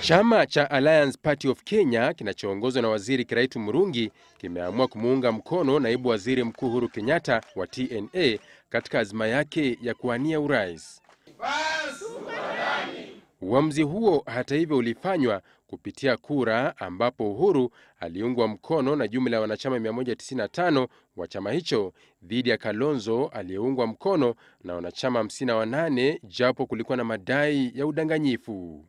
Chama cha Alliance Party of Kenya kinachoongozwa na Waziri Kiraitu Murungi kimeamua kumuunga mkono naibu waziri mkuu Uhuru Kenyatta wa TNA katika azma yake ya kuwania urais. Uamuzi huo hata hivyo ulifanywa kupitia kura ambapo Uhuru aliungwa mkono na jumla ya wanachama 195 wa chama hicho dhidi ya Kalonzo aliyeungwa mkono na wanachama 58 japo kulikuwa na madai ya udanganyifu.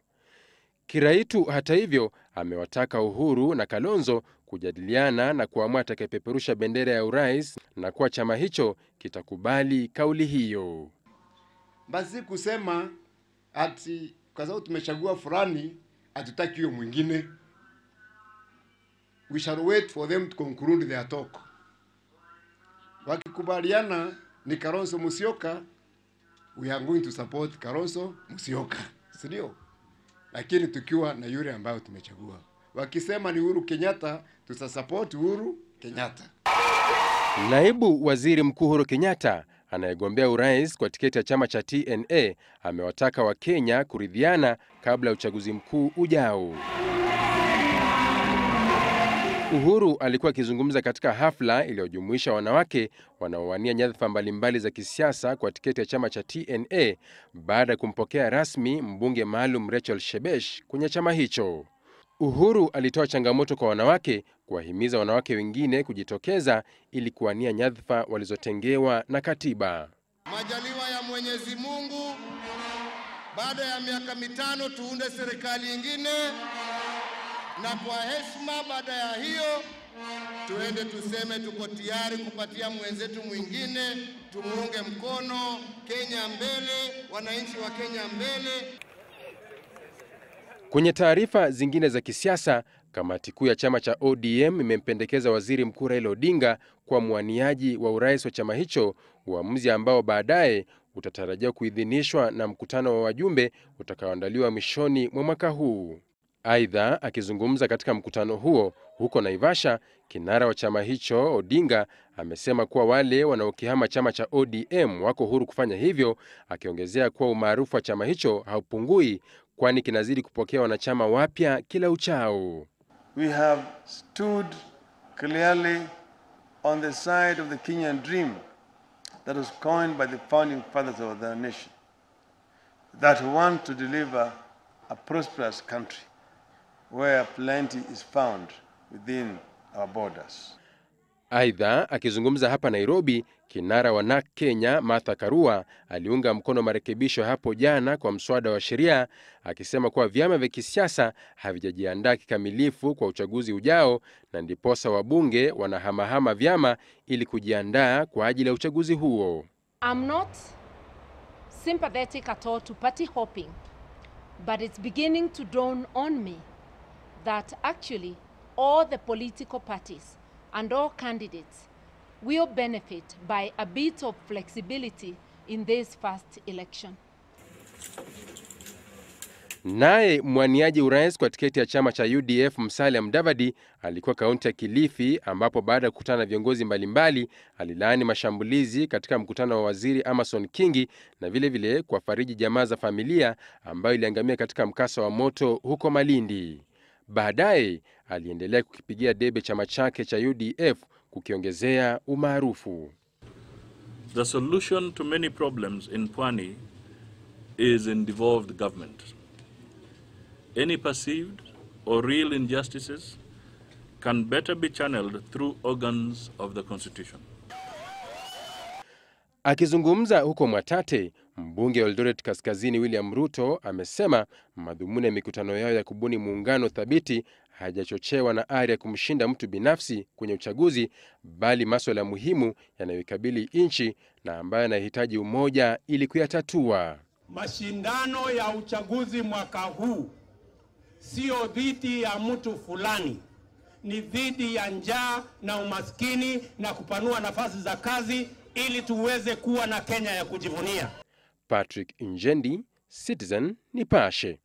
Kiraitu hata hivyo amewataka Uhuru na Kalonzo kujadiliana na kuamua atakayepeperusha bendera ya urais na kuwa chama hicho kitakubali kauli hiyo. Basi kusema ati kwa sababu tumechagua fulani atutaki huyo mwingine. We shall wait for them to conclude their talk. Wakikubaliana ni Kalonzo Musyoka, we are going to support Kalonzo Musyoka, si ndio? Lakini tukiwa na yule ambayo tumechagua. Wakisema ni Uhuru Kenyatta, tutasupport Uhuru Kenyatta. Naibu Waziri Mkuu Uhuru Kenyatta anayegombea urais kwa tiketi ya chama cha TNA amewataka Wakenya kuridhiana kabla ya uchaguzi mkuu ujao. Uhuru alikuwa akizungumza katika hafla iliyojumuisha wanawake wanaowania nyadhifa mbalimbali za kisiasa kwa tiketi ya chama cha TNA baada ya kumpokea rasmi mbunge maalum Rachel Shebesh kwenye chama hicho. Uhuru alitoa changamoto kwa wanawake kuwahimiza wanawake wengine kujitokeza ili kuwania nyadhifa walizotengewa na katiba. Majaliwa ya Mwenyezi Mungu, baada ya miaka mitano tuunde serikali ingine na kwa heshima, baada ya hiyo tuende tuseme tuko tayari kupatia mwenzetu mwingine, tumuunge mkono. Kenya mbele, wananchi wa Kenya mbele. Kwenye taarifa zingine za kisiasa, kamati kuu ya chama cha ODM imempendekeza waziri mkuu Raila Odinga kwa mwaniaji wa urais wa chama hicho, uamuzi ambao baadaye utatarajiwa kuidhinishwa na mkutano wa wajumbe utakaoandaliwa mwishoni mwa mwaka huu. Aidha, akizungumza katika mkutano huo huko Naivasha, kinara wa chama hicho Odinga amesema kuwa wale wanaokihama chama cha ODM wako huru kufanya hivyo, akiongezea kuwa umaarufu wa chama hicho haupungui kwani kinazidi kupokea wanachama wapya kila uchao. We have stood clearly on the side of the Kenyan dream that was coined by the founding fathers of the nation that want to deliver a prosperous country where plenty is found within our borders. Aidha, akizungumza hapa Nairobi, kinara wa nak Kenya Martha Karua aliunga mkono marekebisho hapo jana kwa mswada wa sheria, akisema kuwa vyama vya kisiasa havijajiandaa kikamilifu kwa uchaguzi ujao, na ndiposa wabunge wanahamahama vyama ili kujiandaa kwa ajili ya uchaguzi huo. I'm not sympathetic at all to party hopping, but it's beginning to dawn on me that actually all the political parties and all candidates will benefit by a bit of flexibility in this first election. Naye mwaniaji urais kwa tiketi ya chama cha UDF Musalia Mudavadi alikuwa kaunti ya Kilifi, ambapo baada ya kukutana na viongozi mbalimbali alilaani mashambulizi katika mkutano wa waziri Amason Kingi na vilevile kuwafariji jamaa za familia ambayo iliangamia katika mkasa wa moto huko Malindi. Baadaye aliendelea kukipigia debe chama chake cha UDF kukiongezea umaarufu. The solution to many problems in Pwani is in devolved government. Any perceived or real injustices can better be channeled through organs of the constitution. Akizungumza huko Mwatate, mbunge wa Eldoret Kaskazini William Ruto amesema madhumuni ya mikutano yao ya kubuni muungano thabiti hajachochewa na ari ya kumshinda mtu binafsi kwenye uchaguzi, bali maswala muhimu yanayoikabili nchi na ambayo yanahitaji umoja ili kuyatatua. Mashindano ya uchaguzi mwaka huu sio dhidi ya mtu fulani, ni dhidi ya njaa na umaskini na kupanua nafasi za kazi ili tuweze kuwa na Kenya ya kujivunia. Patrick Njendi, Citizen Nipashe.